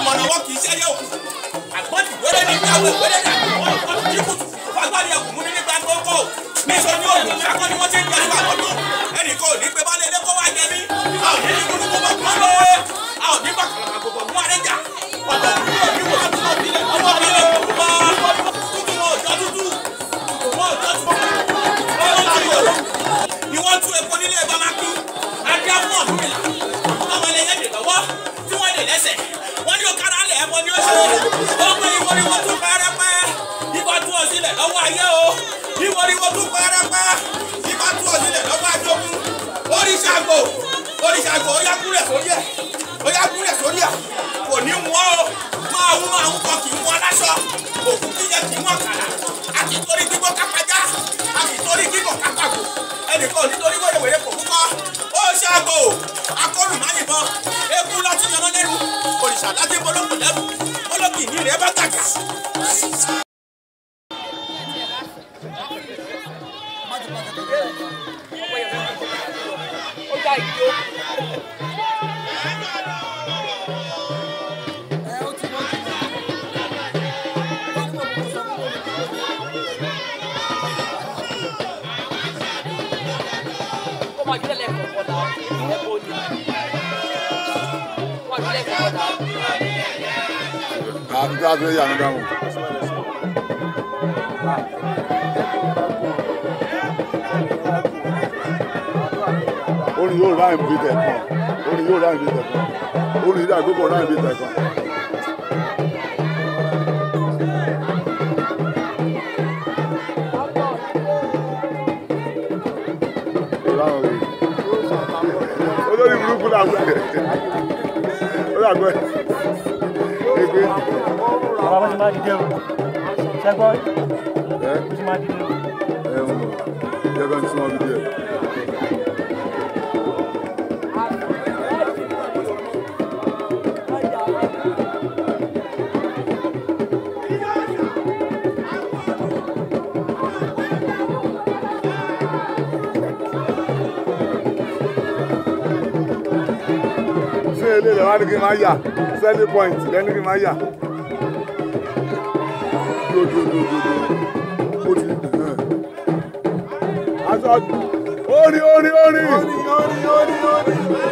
àmọ̀ ni wọ́n kì í ṣe yẹ òkú àgbọ̀dì wẹ́rẹ́ ní ìyàwó wẹ́rẹ́ ní àgbọ̀dì wọ́n kì í kùtù fagbárí ẹkùn mú nígbà gbogbo níṣọ ní òòlù ṣàkọ́ ni wọ́n ti ń yẹ nígbà gbogbo ẹnì kan ò ní pẹ́ bálẹ̀ ẹlẹ́kọ́ wá jẹ mí a ò ní ní gbogbo gbogbo lọ́wọ́ a ò ní bàkàrà mú àrẹ́jà ọ̀dọ̀ òkú yóò ní wọ́n tó bí ní ọ̀kadà lẹ̀ ẹ̀mọ ni ó ṣe ó ìwọ ni wọ́n tún pẹ́rẹ́pẹ́ ìbá tún ọ sílẹ̀ lọ́wọ́ ayé o ìwọ ni wọ́n tún pẹ́rẹ́pẹ́ ìbá tún ọ sílẹ̀ lọ́wọ́ ajogun oríṣàgbò oríṣàgbò ó yá kúrẹ̀ sórí ẹ̀ ó yá kúrẹ̀ sórí ẹ̀ kò ní wọ́n o máa wú àwọn kan kì í wọ́n aláṣọ òkú kíyẹ kì í wọ́n kàrà àti torí gbígbọ́ kápájá àti torí gbígbọ́ kápákò ẹnìkan ò nítorí wẹ́rẹ́wẹ́rẹ́ kò kúkọ́ ó ṣàgbò akọ́rùn òrìṣà láti polówó lẹ́rù olókì ní rẹ̀ bá tàkà. Come on, you let me go now. You let me go now. Come on, you let me go now that's where another one. Only your line, bí tẹ̀kan. Orin yóò ráì bí tẹ̀kan. Orin yóò àgbébọ̀ ráì bí tẹ̀kan. Olórí burúkú làwọn. Ó gbégbé. bàbá bó ti máa dìde o ṣẹgbọ́n bó ti máa dìde o. ẹ ẹ ń lọ jẹ́gbọ́n tí wọ́n fi dé. ilé rẹ̀ wá ní kí n máa yà Do do do kí n máa yà. aṣọ orin orin orin. orin orin orin orin.